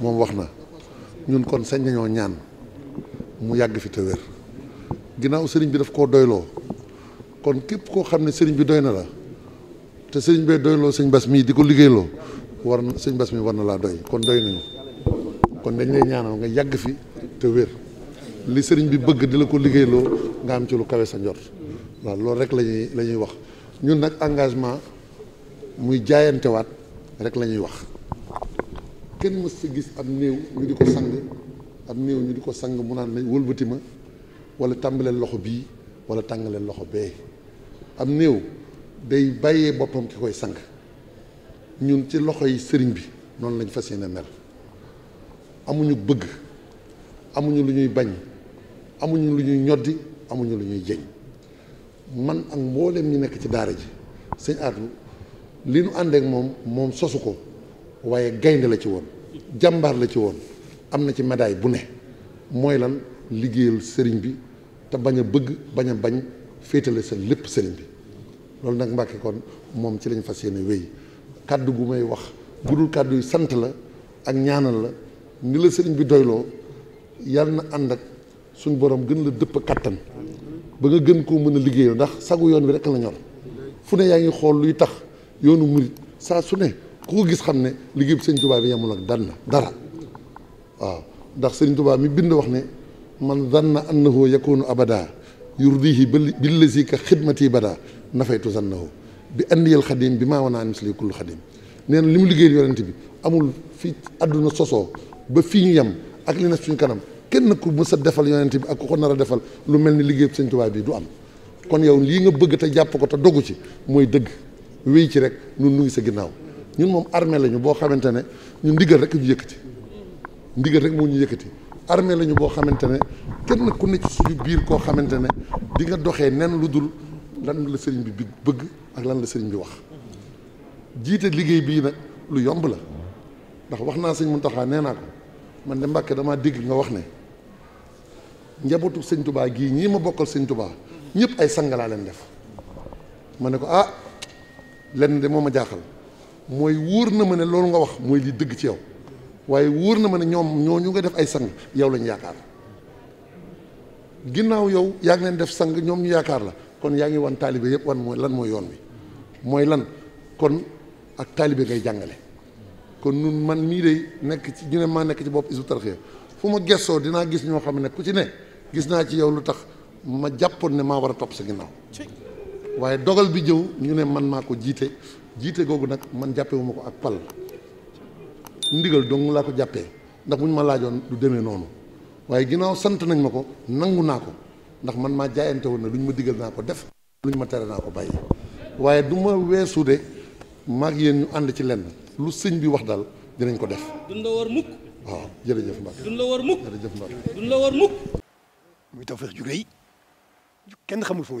moom wax na ñun kon sañ nañoo ñaan mu yàgg fi te wér ginnaaw sëriñ bi daf koo doyloo kon képp koo xam ne sëriñ bi doy na la te sëriñ bee doyloo sëñ bas mii di ko liggéeyloo war sëñ bas mii war na laa doy kon doy nañu kon dañ lay ñaanal nga yàgg fi te wér li sëriñ bi bëgg di la ko liggéeyloo nga am ci lu kawe sa njort waaw loolu rek lañuy la wax ñun nag engagement muy jaayantewaat rek lañuy wax kenn mës sa gis ab néew ñu di ko sang ab néew ñu di ko sang mu naan nañ wëlbati ma wala tàmbaleel loxo bii wala tàngaleel loxo bee ab néew day bàyyee boppam ki koy sang ñun ci loxo yi sëriñ bi noonu lañ fas yéene mel amuñu bëgg amuñu lu ñuy bañ amuñu lu ñuy ñoddi amuñu lu ñuy jeñ man ak mbooleem ñu nekk ci daara ji sëñ Atou li nu àndeek moom moom sosu ko waaye gaynde la ci woon jàmbaar la ci woon am na ci médaille bu ne mooy lan liggéeyal sëriñ bi te bañ a bëgg bañ a bañ féetale sa lépp sëriñ bi loolu nag Mbàkke kon moom ci lañ fas yéene wéy kàddu gu may wax gudul kàddu yu sant la ak ñaanal la ni la sëriñ bi doyloo yàlla na ànd ak suñ borom gën la dëpp kattan ba nga gën koo mën a liggéeyal ndax sagu yoon bi rek la ñor fu ne yaa ngi xool luy tax yoonu murit saa su ne ku ko gis xam ne liggéey bi sëñ Tuubaa bi yemul ak dara dara waaw ndax sëñ Tuubaa mi bind wax ne man zanna annahu yakunu abada yurdihi billazi ka xidmati bada nafaytu zannahu bi andiyal xadim bi maa wanaa misli kullu xadim nee na li mu liggéeyal yonent bi amul fi àdduna sosoo ba fii ñu yem ak li nekk suñu kanam kenn ku mës sa defal yonent bi ak ku ko nar a defal lu mel ni liggéey sëñ Tuubaa bi du am kon yow lii nga bëgg te jàpp ko te ci mooy dëgg wéy ci rek nun nuy sa ginnaaw ñun moom armée lañu boo xamante ne ñun ndigal rek ñu yëkkati ndigal rek moo ñu yëkkati armée lañu boo xamante ne kenn ku ne ci suñu biir koo xamante ne di nga doxee nen lu dul lan la sëriñ bi bëgg ak lan la sëriñ bi wax jiite liggéey bii nag lu yomb la ndax wax naa sëñ Muntaxa nee naa ko man de Mbàkke damaa dégg nga wax ne njabootu sëñ Tubaa gii ñii ma bokkal sëñ Tubaa ñëpp ay sang laa leen def ma ne ko ah lenn de moo ma jaaxal. mooy wóor na ma ne loolu nga wax mooy li dëgg ci yow waaye wóor na ma ne ñoom ñu nga def ay sang yow lañ yaakaar ginnaaw yow yaa ngi leen def sang ñoom ñu yaakaar la kon yaa ngi wan taalibe yëpp wan mooy lan moo yoon bi mooy lan kon ak taalibe ngay jàngale kon nun man mii de nekk ci ñu ne maa nekk ci bopp Hizbut Tarqiyyah fu ma gessoo dinaa gis ñoo xam ne ku ci ne gis naa ci yow lu tax ma jàppoon ne maa war a topp sa ginnaaw waaye dogal bi jëw ñu ne man maa ko jiite jiite googu nag man jàppewuma ko ak pal ndigal dong laa ko jàppe ndax bu ñu ma laajoon du demee noonu waaye ginnaaw sant nañ ma ko nangu naa ko ndax man maa jaayante woon ne lu ñu ma digal naa ko def lu ñu ma tere naa ko bàyyi waaye du ma weesu de maag yéen ñu ànd ci lenn lu sëñ bi wax daal dinañ ko def. duñ la war mukk. waaw jërëjëf Mbacke. duñ la war mukk jërëjëf Mbacke. duñ la war kenn xamul fu mu